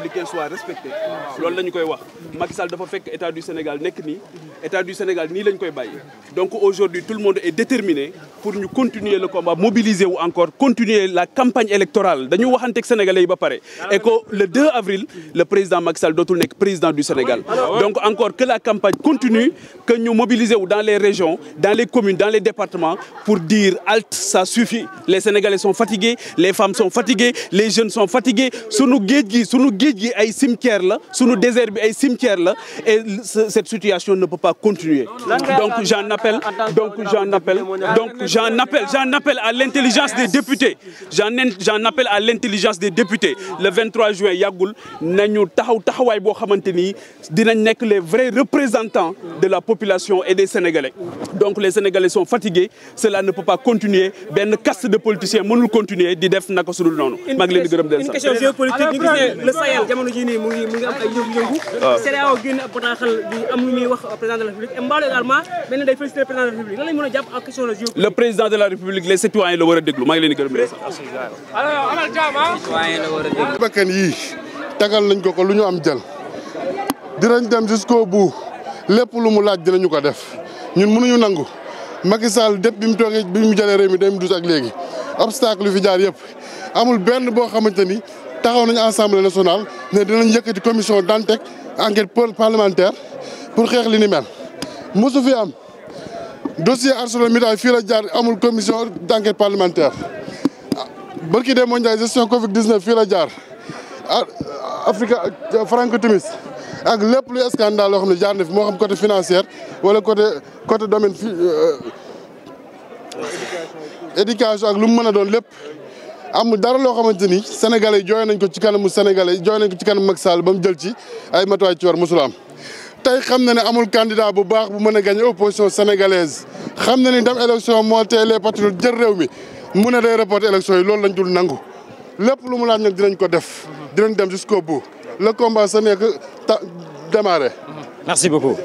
républicain soit respecté loolu la ñu koy wax Macky Sall dafa fekk état du Sénégal nekk nii état du Sénégal nii la koy bàyyi donc aujourd'hui tout le monde est déterminé pour ñu continuer le combat mobiliser wu encore continuer la campagne électorale dañu waxanteeg sénégalais yi ba pare et que le 2 avril le président Macky Sall dootul nekk président du Sénégal ah donc encore que la campagne continue que ñu mobiliser wu dans les régions dans les communes dans les départements pour dire halte ça suffit les sénégalais sont fatigués les femmes sont fatiguées les jeunes sont fatigués sunu géej gi sunu géej gi ay cimetière la sunu désert bi ay cimetière la et cette situation ne peut j'en appelle, j'en appelle à l'intelligence des députés. J'en appelle à l'intelligence des députés. Le 23 juin, Yagoul, nous sommes les vrais représentants de la population et des Sénégalais. Donc les Sénégalais sont fatigués, cela ne peut pas continuer. Ben casse de politiciens, nous continuer de faire ce que nous Une question géopolitique, le ah. de la République. Et président de la république les citoyens la war a déglu maa ngi leen di gërëm de. citoyens la yi a tagal nañ ko ko lu ñu am jël dinañ dem bu bout lépp lu mu laaj ñu ko def ñun mënuñu nangu Macky Sall dépp bi mu toogee bi mu jëlee réew mi 2012 ak léegi obstacle yu fi jaar yëpp amul benn boo xamante ni taxaw nañu assemblée nationale ne dinañ yëkkati commission d'enquête enquête parlementaire pour xeex li ni mel mosu fi am. dossier ArcelorMittal fii la jaar amul commission d'enquête parlementaire barki de mondial gestion Covid 19 fii a jaar Africa Frank Timis ak lépp lu scandale loo xam ne jaar na fi moo xam côté financière wala côté côté domaine fi euh, éducation ak lu mu mën a doon lépp amul dara loo xamante ni sénégalais yi jooy nañ ko ci kanamu sénégalais yi jooy nañ ko ci kanam Macky Sall ba mu jël ci ay matuwaay ci war mosul am tey xam na ne amul candidat bu baax bu mën a gagner opposition sénégalaise xam na ni dem élection moo tee les patriotes jël réew mi mu ne day reporter élection yi loolu lañ dul nangu lépp lu mu laaj nag dinañ ko def. dinañ dem jusqu'au bout le combat sa nekk ta démarré. merci beaucoup.